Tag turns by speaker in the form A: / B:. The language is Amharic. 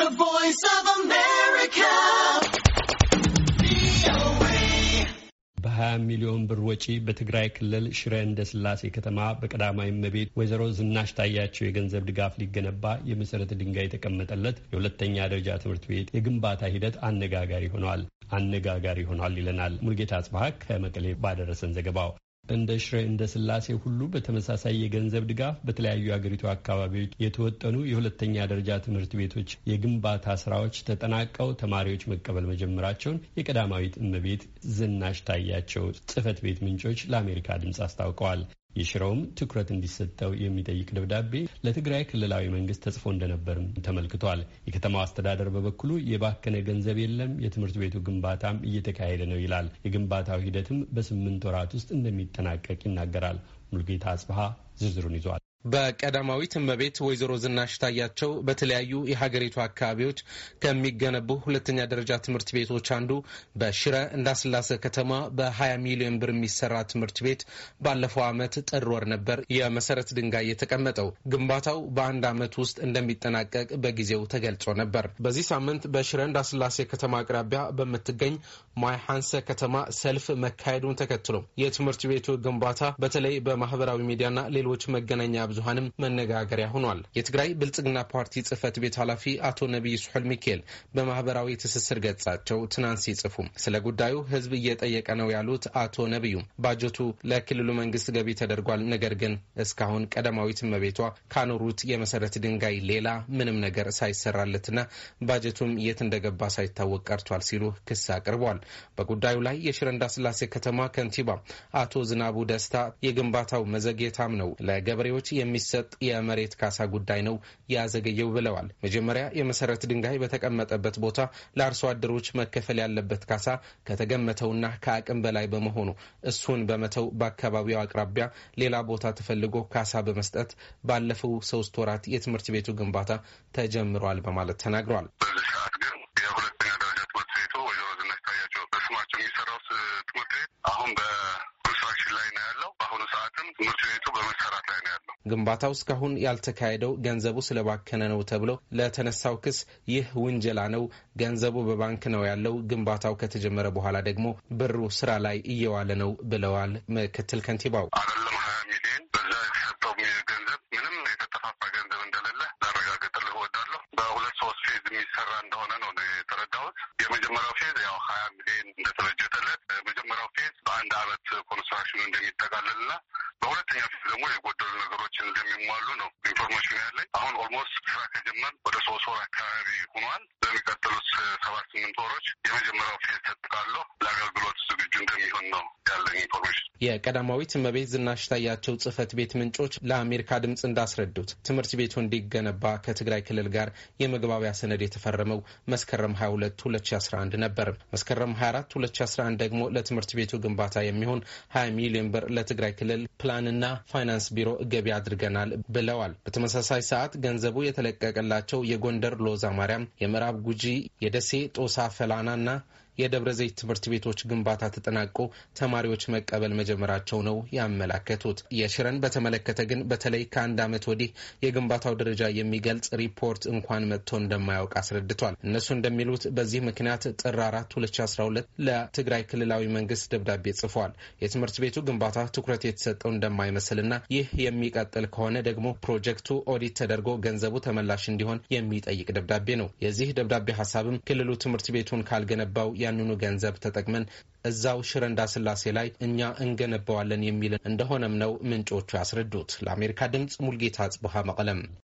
A: The Voice of America.
B: በ20 ሚሊዮን ብር ወጪ በትግራይ ክልል ሽረ እንደ ስላሴ ከተማ በቀዳማዊ እመቤት ወይዘሮ ዝናሽ ታያቸው የገንዘብ ድጋፍ ሊገነባ የመሰረተ ድንጋይ የተቀመጠለት የሁለተኛ ደረጃ ትምህርት ቤት የግንባታ ሂደት አነጋጋሪ ሆኗል አነጋጋሪ ሆኗል ይለናል ሙልጌታ አጽባሀ ከመቀሌ ባደረሰን ዘገባው። እንደ ሽረ እንደ ስላሴ ሁሉ በተመሳሳይ የገንዘብ ድጋፍ በተለያዩ የአገሪቱ አካባቢዎች የተወጠኑ የሁለተኛ ደረጃ ትምህርት ቤቶች የግንባታ ስራዎች ተጠናቀው ተማሪዎች መቀበል መጀመራቸውን የቀዳማዊት እመቤት ዝናሽ ታያቸው ጽህፈት ቤት ምንጮች ለአሜሪካ ድምፅ አስታውቀዋል። የሽረውም ትኩረት እንዲሰጠው የሚጠይቅ ደብዳቤ ለትግራይ ክልላዊ መንግስት ተጽፎ እንደነበርም ተመልክቷል። የከተማው አስተዳደር በበኩሉ የባከነ ገንዘብ የለም፣ የትምህርት ቤቱ ግንባታም እየተካሄደ ነው ይላል። የግንባታው ሂደትም በስምንት ወራት ውስጥ እንደሚጠናቀቅ ይናገራል። ሙልጌታ አጽብሃ ዝርዝሩን ይዘዋል።
A: በቀዳማዊት እመቤት ወይዘሮ ዝናሽ ታያቸው በተለያዩ የሀገሪቱ አካባቢዎች ከሚገነቡ ሁለተኛ ደረጃ ትምህርት ቤቶች አንዱ በሽረ እንዳስላሰ ከተማ በ20 ሚሊዮን ብር የሚሰራ ትምህርት ቤት ባለፈው ዓመት ጥር ወር ነበር የመሰረት ድንጋይ የተቀመጠው። ግንባታው በአንድ ዓመት ውስጥ እንደሚጠናቀቅ በጊዜው ተገልጾ ነበር። በዚህ ሳምንት በሽረ እንዳስላሴ ከተማ አቅራቢያ በምትገኝ ማይሃንሰ ከተማ ሰልፍ መካሄዱን ተከትሎ የትምህርት ቤቱ ግንባታ በተለይ በማህበራዊ ሚዲያና ሌሎ ሌሎች መገናኛ ብዙሀንም መነጋገሪያ ሆኗል። የትግራይ ብልጽግና ፓርቲ ጽህፈት ቤት ኃላፊ አቶ ነቢይ ስሑል ሚካኤል በማህበራዊ ትስስር ገጻቸው ትናንት ሲጽፉ ስለ ጉዳዩ ህዝብ እየጠየቀ ነው ያሉት አቶ ነቢዩ ባጀቱ ለክልሉ መንግስት ገቢ ተደርጓል፣ ነገር ግን እስካሁን ቀዳማዊት እመቤቷ ካኖሩት የመሰረት ድንጋይ ሌላ ምንም ነገር ሳይሰራለትና ባጀቱም የት እንደገባ ሳይታወቅ ቀርቷል ሲሉ ክስ አቅርቧል። በጉዳዩ ላይ የሽረ እንዳስላሴ ከተማ ከንቲባ አቶ ዝናቡ ደስታ የግንባታው መዘግየታም ነው ለገበሬዎች የሚሰጥ የመሬት ካሳ ጉዳይ ነው ያዘገየው ብለዋል። መጀመሪያ የመሰረት ድንጋይ በተቀመጠበት ቦታ ለአርሶ አደሮች መከፈል ያለበት ካሳ ከተገመተውና ከአቅም በላይ በመሆኑ እሱን በመተው በአካባቢው አቅራቢያ ሌላ ቦታ ተፈልጎ ካሳ በመስጠት ባለፈው ሶስት ወራት የትምህርት ቤቱ ግንባታ ተጀምሯል በማለት ተናግሯል። ሰዓትም ትምህርት ቤቱ በመሰራት ላይ ነው ያለው። ግንባታው እስካሁን ያልተካሄደው ገንዘቡ ስለባከነ ነው ተብሎ ለተነሳው ክስ ይህ ውንጀላ ነው። ገንዘቡ በባንክ ነው ያለው። ግንባታው ከተጀመረ በኋላ ደግሞ ብሩ ስራ ላይ እየዋለ ነው ብለዋል ምክትል ከንቲባው። ሀያ ሚሊዮን በዛ የተሰጠው ገንዘብ ምንም የተጠፋፋ ገንዘብ እንደሌለ ላረጋግጥልህ እወዳለሁ። በሁለት ሶስት ፌዝ የሚሰራ እንደሆነ ነው የተረዳሁት። የመጀመሪያው ፌዝ ያው ሀያ ሚሊዮን እንደተበጀተለት መጀመሪያው ፌዝ በአንድ አመት ኮንስትራክሽኑ ና በሁለተኛ ፌዝ ደግሞ የጎደሉ ነገሮችን እንደሚሟሉ ነው ኢንፎርሜሽን ያለኝ። አሁን ኦልሞስት ስራ ከጀመር ወደ ሶስት ወር አካባቢ
B: ሆኗል። በሚቀጥሉት ሰባት ስምንት ወሮች የመጀመሪያው ፌዝ ተጥቃሎ ለአገልግሎት እንደሚሆን ነው
A: ያለኝ ኢንፎርሜሽን። የቀዳማዊት እመቤት ዝናሽ ታያቸው ጽህፈት ቤት ምንጮች ለአሜሪካ ድምፅ እንዳስረዱት ትምህርት ቤቱ እንዲገነባ ከትግራይ ክልል ጋር የመግባቢያ ሰነድ የተፈረመው መስከረም 22 2011 ነበር። መስከረም 24 2011 ደግሞ ለትምህርት ቤቱ ግንባታ የሚሆን 20 ሚሊዮን ብር ለትግራይ ክልል ፕላንና ፋይናንስ ቢሮ ገቢ አድርገናል ብለዋል። በተመሳሳይ ሰዓት ገንዘቡ የተለቀቀላቸው የጎንደር ሎዛ ማርያም፣ የምዕራብ ጉጂ፣ የደሴ ጦሳ ፈላና ና የደብረ ዘይት ትምህርት ቤቶች ግንባታ ተጠናቆ ተማሪዎች መቀበል መጀመራቸው ነው ያመላከቱት። የሽረን በተመለከተ ግን በተለይ ከአንድ ዓመት ወዲህ የግንባታው ደረጃ የሚገልጽ ሪፖርት እንኳን መጥቶ እንደማያውቅ አስረድቷል። እነሱ እንደሚሉት በዚህ ምክንያት ጥር 4 2012 ለትግራይ ክልላዊ መንግስት ደብዳቤ ጽፏል። የትምህርት ቤቱ ግንባታ ትኩረት የተሰጠው እንደማይመስልና ይህ የሚቀጥል ከሆነ ደግሞ ፕሮጀክቱ ኦዲት ተደርጎ ገንዘቡ ተመላሽ እንዲሆን የሚጠይቅ ደብዳቤ ነው። የዚህ ደብዳቤ ሀሳብም ክልሉ ትምህርት ቤቱን ካልገነባው ያንኑ ገንዘብ ተጠቅመን እዛው ሽረ እንዳስላሴ ላይ እኛ እንገነባዋለን የሚል እንደሆነም ነው ምንጮቹ ያስረዱት። ለአሜሪካ ድምፅ ሙልጌታ ጽቡሃ መቀለም